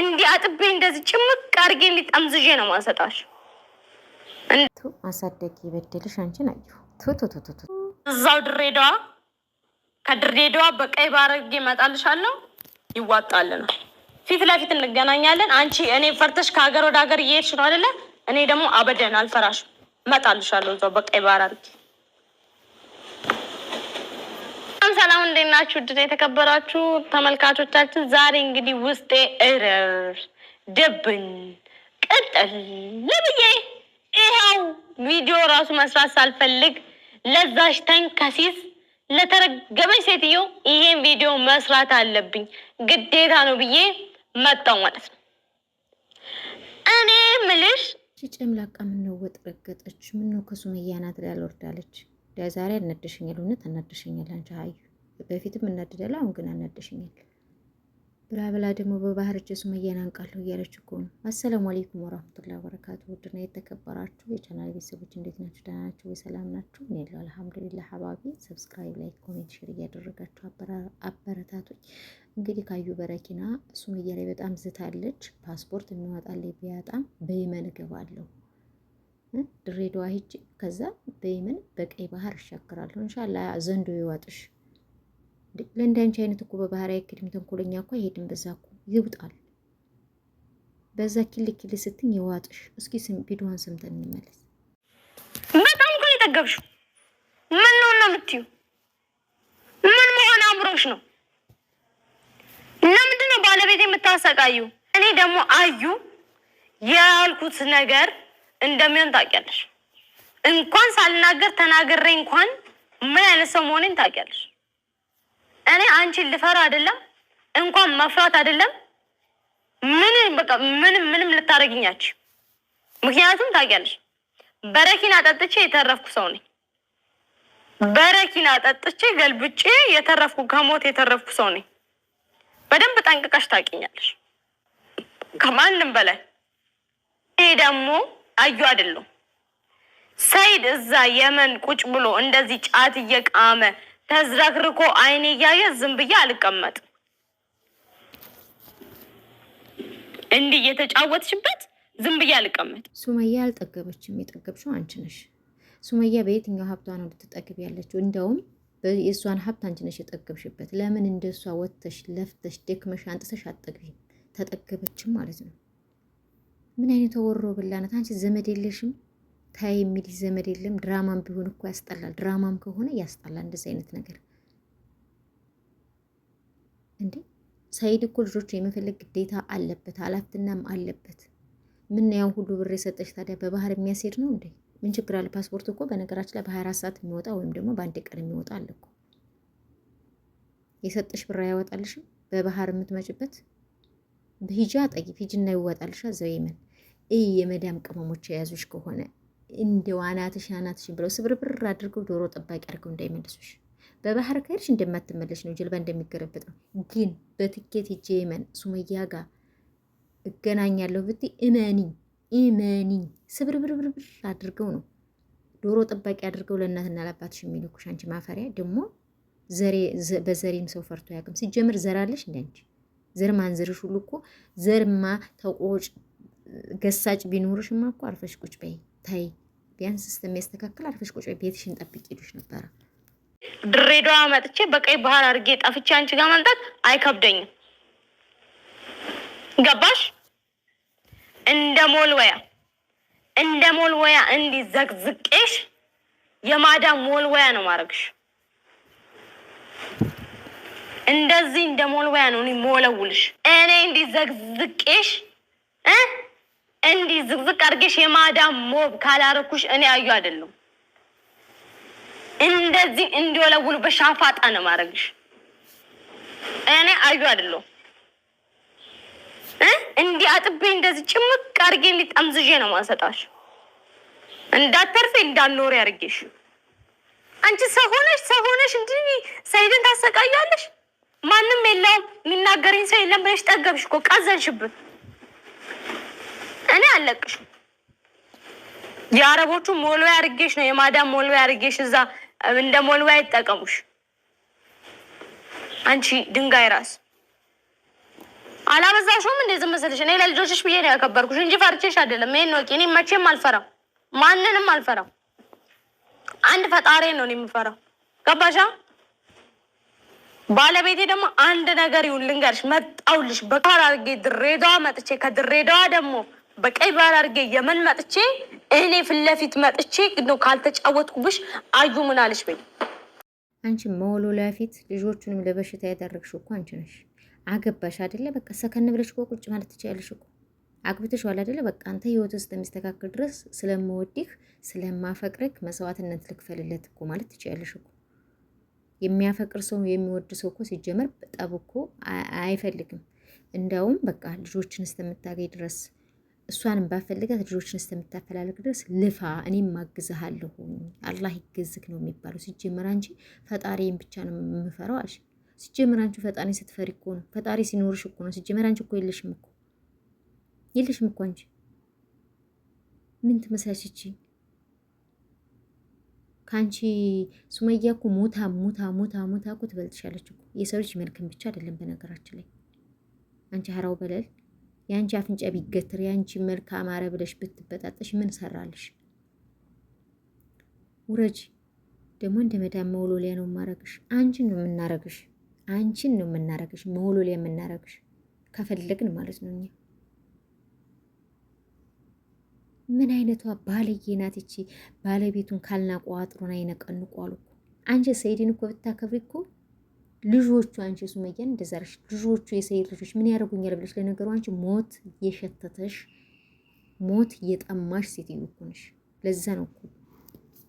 እንዲህ አጥቤ እንደዚህ ጭምቅ አድርጌ እንዲህ ነው ማሰጣሽ። አሳደጊ የበደልሽ አንቺን አየሁ። ቱቱቱቱቱ እዛው ድሬዳዋ ከድሬዳዋ በቀይ ባህር አድርጌ ይዋጣል ይዋጣልናል። ፊት ለፊት እንገናኛለን። አንቺ እኔ ፈርተሽ ከሀገር ወደ ሀገር እየሄድሽ ነው አይደለ? እኔ ደግሞ አበደን አልፈራሽም። እመጣልሻለሁ እዛው በቀይ ባህር አድርጌ ሰላም እንዴት ናችሁ? ድ የተከበራችሁ ተመልካቾቻችን፣ ዛሬ እንግዲህ ውስጤ እርር ድብን ቅጥል ብዬ ይኸው ቪዲዮ ራሱ መስራት ሳልፈልግ ለዛሽ ተንከሲስ ለተረገመች ሴትዮ ይሄን ቪዲዮ መስራት አለብኝ ግዴታ ነው ብዬ መጣው ማለት ነው። እኔ ምልሽ ጭምላቃ ምነው ወጥ ረገጠች? ምነው ከሱመያ ናት ላይ ወርዳለች? ዛሬ አናደሸኛል፣ እውነት አናደሸኛል። አንቺ ሀዩ በፊትም እናድዳለሁ፣ አሁን ግን አናደሽኛል ብላ ብላ ደግሞ በባህር እጅ ሱመያን አንቃለሁ እያለች እኮ ነው። አሰላሙ አሌይኩም ወራህመቱላሂ ወበረካቱ። ውድና የተከበራችሁ የቻናል ቤተሰቦች እንዴት ናችሁ? ደህና ናችሁ ወይ? ሰላም ናችሁ? እኔ ያለው አልሐምዱሊላህ። ሀባቢ ሰብስክራይብ፣ ላይክ፣ ኮሜንት፣ ሼር እያደረጋችሁ አበረታቶች። እንግዲህ ካዩ በረኪና ሱመያ ላይ በጣም ዝታለች። ፓስፖርት የሚወጣልኝ ቢያጣም በየመን እገባለሁ ድሬዳዋ ሂጅ፣ ከዛ በየመን በቀይ ባህር እሻገራለሁ። እንሻላ ዘንዶ ይዋጥሽ ለእንዳንቺ አይነት እኮ በባህራዊ ክድም ተንኮለኛ እኮ አይሄድም። በዛ እኮ ይውጣል። በዛ ኪል ኪል ስትኝ የዋጥሽ። እስኪ ቪዲዮን ሰምተን እንመለስ። በጣም እኮ የጠገብሽው ምን ነው ነው የምትዩ? ምን መሆን አምሮሽ ነው? ለምንድን ነው ባለቤት የምታሰቃዩ? እኔ ደግሞ አዩ ያልኩት ነገር እንደሚሆን ታውቂያለሽ። እንኳን ሳልናገር ተናግሬ እንኳን ምን አይነት ሰው መሆኔን ታውቂያለሽ። እኔ አንቺን ልፈራ አይደለም እንኳን መፍራት አይደለም ምንም በቃ ምንም ምንም ልታደርግኛች። ምክንያቱም ታውቂያለሽ በረኪና ጠጥቼ የተረፍኩ ሰው ነኝ። በረኪና ጠጥቼ ገልብጬ የተረፍኩ ከሞት የተረፍኩ ሰው ነኝ። በደንብ ጠንቅቀሽ ታውቂኛለሽ ከማንም በላይ። ይሄ ደግሞ አዩ አይደለም ሰይድ እዛ የመን ቁጭ ብሎ እንደዚህ ጫት እየቃመ ተዝረክርኮ አይኔ እያየ ዝም ብዬ አልቀመጥም። እንዲህ እየተጫወትሽበት ዝም ብዬ አልቀመጥ። ሱመያ አልጠገበችም። የጠገብሽው አንቺ ነሽ። ሱመያ በየትኛው ሀብቷ ነው ልትጠግብ ያለችው? እንደውም የእሷን ሀብት አንቺ ነሽ የጠገብሽበት። ለምን እንደሷ ወጥተሽ ለፍተሽ ደክመሽ አንጥተሽ አትጠግቢም? ተጠገበችም ማለት ነው። ምን አይነት ወሮ አንቺ ዘመድ የለሽም። ታይ የሚል ዘመድ የለም። ድራማም ቢሆን እኮ ያስጠላል። ድራማም ከሆነ ያስጠላል። እንደዚህ አይነት ነገር እንዴ! ሰኢድ እኮ ልጆች የመፈለግ ግዴታ አለበት፣ አላፍትናም አለበት። ምን ያው ሁሉ ብር የሰጠች ታዲያ በባህር የሚያስሄድ ነው እንዴ? ምን ችግር አለ? ፓስፖርት እኮ በነገራችን ላይ በ ሰዓት የሚወጣ ወይም ደግሞ በአንድ ቀን የሚወጣ አለ እኮ። የሰጠሽ ብር አያወጣልሽም። በባህር የምትመጭበት ሂጂ አጠይፍ ሂጂና ይወጣልሻ። ዘይመን እይ የመዳም ቅመሞች የያዙሽ ከሆነ እንደው አናትሽ አናትሽ ብለው ስብርብር አድርገው ዶሮ ጠባቂ አድርገው እንዳይመልሱሽ። በባህር ከሄድሽ እንደማትመለሽ ነው፣ ጀልባ እንደሚገረበጥ ነው። ግን በትኬት ሂጄ የመን ሱመያ ጋር እገናኛለሁ ብትይ እመኒ እመኒ ስብርብርብርብር አድርገው ነው ዶሮ ጠባቂ አድርገው ለእናትና ለአባትሽ የሚልኩሽ። አንቺ ማፈሪያ ደግሞ በዘሬም ሰው ፈርቶ ያቅም። ሲጀምር ዘር አለሽ እንደ አንቺ ዘር ማንዘርሽ ሁሉ እኮ ዘርማ ተቆጭ ገሳጭ ቢኖርሽማ እኮ አርፈሽ ቁጭ በይ ታይ ቢያንስ እስከሚያስተካክል አርፈሽ ቁጭ ቤትሽን ጠብቂ ይሉሽ ነበረ። ድሬዳዋ መጥቼ በቀይ ባህር አድርጌ ጠፍቼ አንቺ ጋር መምጣት አይከብደኝም። ገባሽ? እንደ ሞልወያ እንደ ሞልወያ እንዲህ ዘቅዝቄሽ የማዳም ሞልወያ ነው ማድረግሽ። እንደዚህ እንደ ሞልወያ ነው እኔ ሞለውልሽ። እኔ እንዲህ ዘቅዝቄሽ እንዲህ ዝቅዝቅ አድርጌሽ የማዳም ሞብ ካላረኩሽ እኔ አዩ አይደለም። እንደዚህ እንዲወለውሉ በሻፋጣ ነው ማድረግሽ። እኔ አዩ አይደለሁ። እንዲህ አጥቤ እንደዚህ ጭምቅ አድርጌ እንዲጠምዝዤ ነው ማንሰጣሽ። እንዳተርፌ እንዳልኖሪ አድርጌሽ። አንቺ ሰው ሆነሽ ሰው ሆነሽ ሰይድን ታሰቃያለሽ። ማንም የለውም የሚናገረኝ ሰው የለም ብለሽ ጠገብሽ እኮ እኔ አለቅሽም። የአረቦቹ ሞልዌ አርጌሽ ነው የማዳም ሞልዌ አርጌሽ እዛ እንደ ሞልዌ አይጠቀሙሽ። አንቺ ድንጋይ ራስ አላበዛሽውም እንዴ? ዝም መሰለሽ? እኔ ለልጆችሽ ብዬ ነው ያከበርኩሽ እንጂ ፈርቼሽ አይደለም። ይሄን ወቂ። እኔ መቼም አልፈራም፣ ማንንም አልፈራም። አንድ ፈጣሪ ነው እኔ የምፈራው። ገባሻ? ባለቤቴ ደግሞ አንድ ነገር ይሁን ልንገርሽ፣ መጣውልሽ በካር አድርጌ ድሬዳዋ መጥቼ ከድሬዳዋ ደግሞ በቀይ ባህር አድርጌ የመን መጥቼ እኔ ፊት ለፊት መጥቼ ግን ካልተጫወትኩብሽ አዩ ምን አለሽ በይ። አንቺ መወሎ ለፊት ልጆቹንም ለበሽታ ያዳረግሽው እኮ አንቺ ነሽ። አገባሽ አይደለ? በቃ ሰከን ብለሽ እኮ ቁጭ ማለት ትችያለሽ እኮ ዋል አይደለ? በቃ አንተ ህይወት እስከሚስተካከል ድረስ ስለምወድህ ስለማፈቅርህ መስዋዕትነት ልክፈልለት እኮ ማለት ትችያለሽ እኮ። የሚያፈቅር ሰው የሚወድ ሰው እኮ ሲጀመር ጠብ እኮ አይፈልግም። እንዳውም በቃ ልጆችን እስከምታገኝ ድረስ እሷንም ባፈልጋት ልጆችን እስከምታፈላልግ ድረስ ልፋ፣ እኔም ማግዝሃለሁኝ። አላህ ይገዝክ ነው የሚባለው። ሲጀመር አንቺ ፈጣሪን ብቻ ነው የምፈራው አልሽ። ሲጀመር አንቺ ፈጣሪ ስትፈሪ እኮ ነው። ፈጣሪ ሲኖርሽ እኮ ነው። ሲጀመር አንቺ እኮ የለሽም እኮ የለሽም እኮ አንቺ ምን ትመስላችቺ? ከአንቺ ሱመያ እኮ ሞታ ሞታ ሞታ ሞታ እኮ ትበልጥሻለች እኮ። የሰው ልጅ መልክም ብቻ አይደለም በነገራችን ላይ አንቺ ሀራው በለል የአንቺ አፍንጫ ቢገትር የአንቺ መልክ አማረ ብለሽ ብትበጣጠሽ ምን ሰራልሽ? ውረጅ። ደግሞ እንደ መዳም መውሎሊያ ነው የማረግሽ። አንቺን ነው የምናረግሽ። አንቺን ነው የምናረግሽ፣ መውሎሊያ የምናረግሽ ከፈለግን ማለት ነው። እኛ ምን አይነቷ ባለዬ ናት ይቺ! ባለቤቱን ካልናቋ አጥሩን አይነቀንቋሉ። አንቺ ሰይድን እኮ ብታከብሪ እኮ ልጆቹ አንቺ ሱመያን እንደዛርሽ ልጆቹ የሰይድ ልጆች ምን ያደርጉኛል ብለሽ ለነገሩ አንቺ ሞት የሸተተሽ ሞት የጠማሽ ሴትዮ እኮ ነሽ። ለዛ ነው እኮ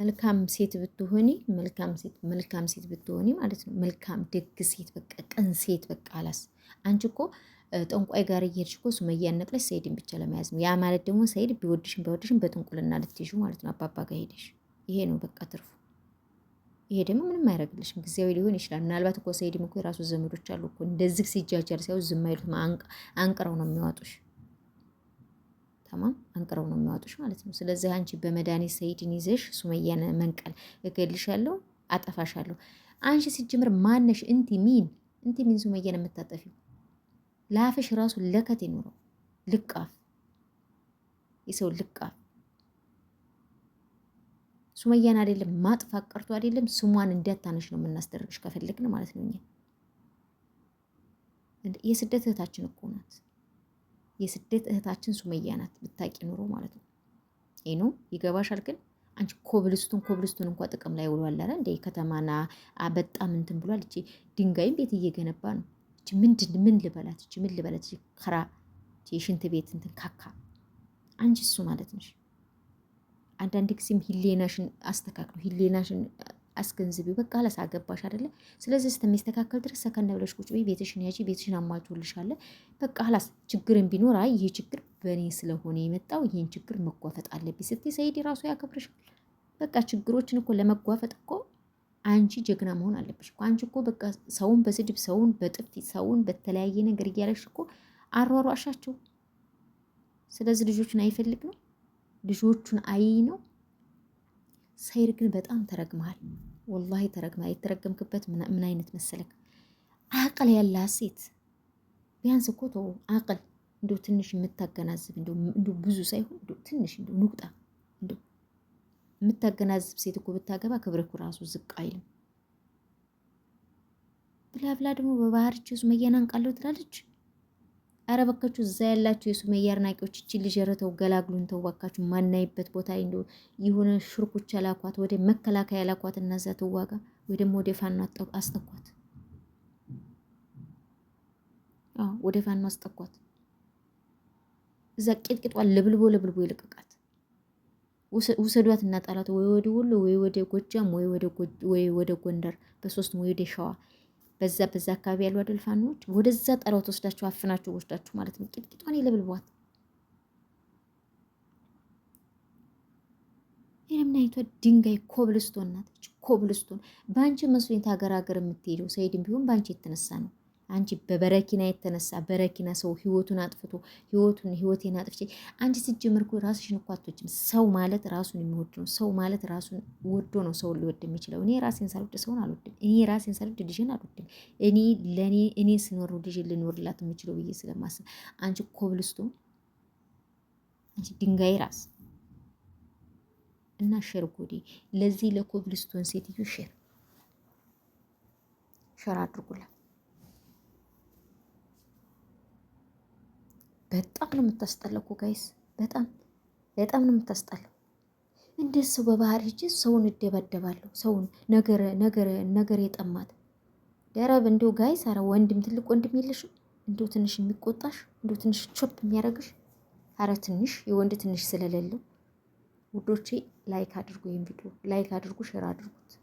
መልካም ሴት ብትሆኒ መልካም ሴት መልካም ሴት ብትሆኒ ማለት ነው መልካም ደግ ሴት በቃ ቀን ሴት በቃ አላስ አንቺ እኮ ጠንቋይ ጋር እየሄድሽ እኮ ሱመያን ነቅለሽ ሰይድን ብቻ ለመያዝ ነው። ያ ማለት ደግሞ ሰይድ ቢወድሽም ባይወድሽም በጥንቁልና ልትይዥ ማለት ነው። አባባ ጋር ሄደሽ ይሄ ነው በቃ ትርፉ። ይሄ ደግሞ ምንም አያደርግልሽም። ጊዜያዊ ሊሆን ይችላል። ምናልባት እኮ ሰይድም እኮ የራሱ ዘመዶች አሉ እኮ እንደዚህ ሲጃጀር ሲያዩ ዝም አይሉት። አንቅረው ነው የሚዋጡሽ። ተማም አንቅረው ነው የሚዋጡሽ ማለት ነው። ስለዚህ አንቺ በመድኃኒት ሰይድን ይዘሽ ሱመያን መንቀል እገልሻለሁ፣ አጠፋሻለሁ። አንቺ ሲጀምር ማነሽ? እንቲ ሚን እንቲ ሚን ሱመያን የምታጠፊው ለአፍሽ ራሱ ለከት ይኖረው ልቃፍ የሰው ልቃፍ ሱመያን አይደለም ማጥፋት ቀርቶ አይደለም ስሟን እንዲያታነሽ ነው የምናስደርግሽ ከፈለግን ማለት ነው። የስደት እህታችን እኮ ናት። የስደት እህታችን ሱመያ ናት ብታቂ ኑሮ ማለት ነው። ይህ ነው ይገባሻል። ግን አንቺ ኮብልስቱን ኮብልስቱን እንኳ ጥቅም ላይ ውሏል አለ እንደ ከተማና በጣም እንትን ብሏል። እቺ ድንጋይም ቤት እየገነባ ነው። እቺ ምንድን ምን ልበላት? እቺ ምን ልበላት? ከራ የሽንት ቤት እንትን ካካ አንቺ እሱ ማለት ነሽ። አንዳንድ ጊዜም ሂሌናሽን አስተካክሉ፣ ሂሌናሽን አስገንዝቢ። በቃ ላስ አገባሽ አደለ? ስለዚህ ስተሚስተካከል ድረስ ሰከነ ብለሽ ቁጭ በይ። ቤትሽን ያጂ ቤትሽን አማጆልሻለ። በቃ አላስ ችግርን ቢኖር አይ ይሄ ችግር በእኔ ስለሆነ የመጣው ይህን ችግር መጓፈጥ አለብኝ ስትይ ሰይድ ራሱ ያከብርሻል። በቃ ችግሮችን እኮ ለመጓፈጥ እኮ አንቺ ጀግና መሆን አለብሽ እኮ አንቺ እኮ በቃ ሰውን በስድብ ሰውን በጥፊ ሰውን በተለያየ ነገር እያለሽ እኮ አሯሯሻቸው። ስለዚህ ልጆችን አይፈልግ ነው ልጆቹን አይ ነው። ሳይር ግን በጣም ተረግመሃል። ወላሂ ተረግመሃል። የተረገምክበት ምን አይነት መሰለክ? አቅል ያላ ሴት ቢያንስ እኮ ተው አቅል እንዲ ትንሽ የምታገናዝብ እንዲ ብዙ ሳይሆን ትንሽ እንዲ ንቁጣ እንዲ የምታገናዝብ ሴት እኮ ብታገባ ክብርኩ ራሱ ዝቅ አይልም። ብላብላ ደግሞ በባህር ውስጥ መየናን ቃለው ትላለች። አረ በካችሁ እዛ ያላችሁ የሱመያ አድናቂዎች እቺ ልጅ ረተው ገላግሉን ተዋካችሁ ማናይበት ቦታ እንደ የሆነ ሽርኩቻ ላኳት፣ ወደ መከላከያ ላኳት፣ እናዛ ትዋጋ ወይ ደግሞ ወደ ፋኖ አስጠኳት። አዎ ወደ ፋኖ አስጠኳት። እዛ ቂጥቂጧን ልብልቦ ልብልቦ ይልቅቃት ውሰዷት እና ጣላት፣ ወይ ወደ ወሎ ወይ ወደ ጎጃም ወይ ወደ ጎንደር፣ በሶስት ወይ ወደ ሸዋ በዛ በዛ አካባቢ ያሉ አደልፋኖች ፋኖች ወደዛ ጠራውት ወስዳችሁ አፍናችሁ ወስዳችሁ ማለት ነው። ቂጥቂጧን የለብልቧት የምን አይነቷ ድንጋይ ኮብልስቶን ናት? ኮብልስቶን በአንቺ መስሎኝ ሀገር የምትሄደው ሰይድም ቢሆን በአንቺ የተነሳ ነው። አንቺ በበረኪና የተነሳ በረኪና ሰው ህይወቱን አጥፍቶ ህይወቱን ህይወቴን አጥፍቼ አንቺ ስትጀምር እኮ ራስሽን እኮ አትወጂም። ሰው ማለት ራሱን የሚወድ ነው። ሰው ማለት ራሱን ወዶ ነው ሰውን ሊወድ የሚችለው። እኔ ራሴን ሳልወድ ሰውን አልወድም። እኔ ራሴን ሳልወድ ልጅን አልወድም። እኔ ለእኔ እኔ ስኖር ልጅ ልኖርላት የምችለው ብዬ ስለማስብ አንቺ ኮብልስቶን፣ አንቺ ድንጋይ ራስ እና ሼር ጎዴ፣ ለዚህ ለኮብልስቶን ሴትዮ ሼር ሸር አድርጉላት። በጣም ነው የምታስጠላው እኮ ጋይስ፣ በጣም በጣም ነው የምታስጠላው። እንዴት ሰው በባህር ሂጅ ሰውን እደባደባለሁ፣ ሰውን ነገር ነገር ነገር የጠማት ደረብ እንዲሁ ጋይስ። አረ ወንድም ትልቅ ወንድም የለሽም እንዲሁ ትንሽ የሚቆጣሽ እንዲሁ ትንሽ ቾፕ የሚያደርግሽ አረ ትንሽ የወንድ ትንሽ ስለሌለው ውዶቼ ላይክ አድርጉ፣ ይህን ቪዲዮ ላይክ አድርጉ፣ ሼር አድርጉት።